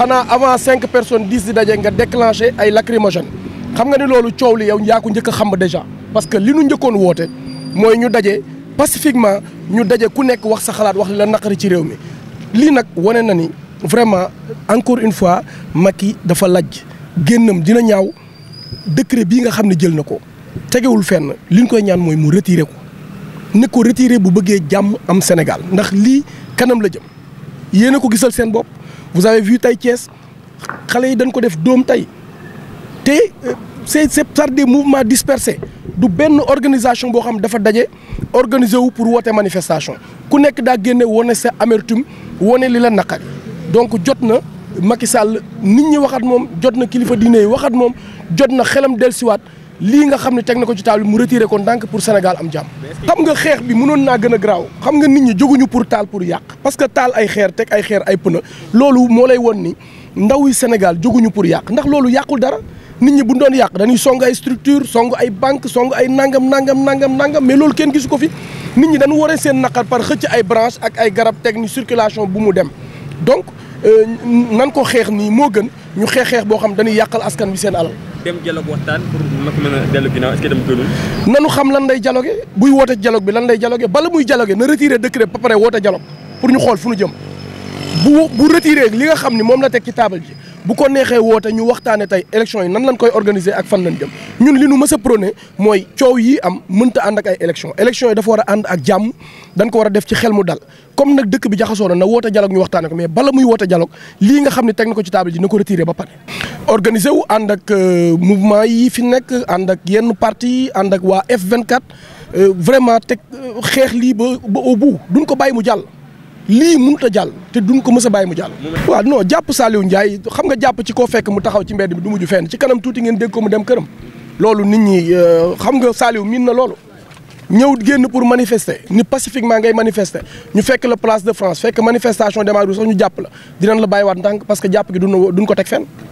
xanaa avant cinq personnes dix di daje nga déclenché ay lacrymogène xam nga ne loolu coow li yow yaa ko njëkk a xam déjà parce que li nu njëkkoon woote mooy ñu daje pacifiquement ñu daje ku nekk wax sa xalaat wax li la naqari ci réew mi lii nag wane na ni vraiment encore une fois Macky dafa lajj génnam dina ñaaw décret bii nga xam ne jël na ko tegewul fenn li ñu koy ñaan mooy mu retiré ko ne ko retiré bu bëggee jàmm am Sénégal ndax lii kanam la jëm yéen ko gisal seen bopp vous avez vu tey Thiès xale yi dañ ko def doom tey te euh, c'est c'est par des mouvements dispersés du benn organisation boo xam dafa daje organiser wu pour woote manifestation ku nekk daa génne wane sa amertume wane li la naqari donc jot na Macky Sall nit ñi waxat moom jot na kilifa diine yi waxat moom jot na xelam dellusiwaat lii nga xam ne teg na ko ci taal bi mu retiré ko ndànk pour Sénégal am jàmm. xam nga xeex bi mënoon naa gën a garaaw xam nga nit ñi jóguñu pour taal pour yàq parce que taal ay xeer teg ay xeer ay pneu loolu moo lay won ni ndaw yi Sénégal jóguñu pour yàq ndax loolu yàqul dara nit ñi bu doon yàq dañuy song ay structure song ay banque song ay nangam nangam nangam nangam mais loolu kenn gisu ko fi nit ñi dañu waree seen naqar par xëcc ay branche ak ay garab teg ni circulation bu mu dem donc. Euh, nan ko xeex nii moo gën ñu xeex xeex boo xam dañuy yàqal askan bi seen alal. dem dialogue waxtaan pour naka mën a nanu xam lan day dialogue buy woote dialogue bi lan day dialogue bala muy dialogue na retiré décret ba pare woote dialogue pour ñu xool fu ñu jëm bu bu retiré li nga xam ni moom la teg ci table ji. bu ko neexee woote ñu waxtaane tey élection yi nan lañ koy organiser ak fan lañ jëm ñun li nu mës a prôné mooy coow yi am mënta ànd ak ay élection élection yi dafa war a ànd ak jàmm dañ ko war a def ci xel mu dal comme nag dëkk bi jaxasoo na na woote dialogue ñu waxtaanee ko mais bala muy woote dialogue lii nga xam ne teg na ko ci table ji na ko retiré ba pare organiser wu ànd ak euh, mouvement yi fi nekk ànd ak yenn partie yi ànd ak waa F24 euh, vraiment teg euh, xeex lii ba ba duñ ko bàyyi mu jàll lii mënut a jàll te duñ ko mës a bàyyi mu jàll waaw non jàpp Saliou njaay xam nga jàpp ci koo fekk mu taxaw ci mbedd bi du mujju fenn ci kanam tuuti ngeen dégg ko mu dem këram loolu nit ñi euh, xam nga Saliou miin na loolu ñëw génn pour manifester ni pacifiquement ngay manifester ñu fekk la place de France fekk manifestation démarré sax ñu jàpp la dinañ la bàyyiwaat ndànk parce que jàpp gi duñ duñ ko teg fenn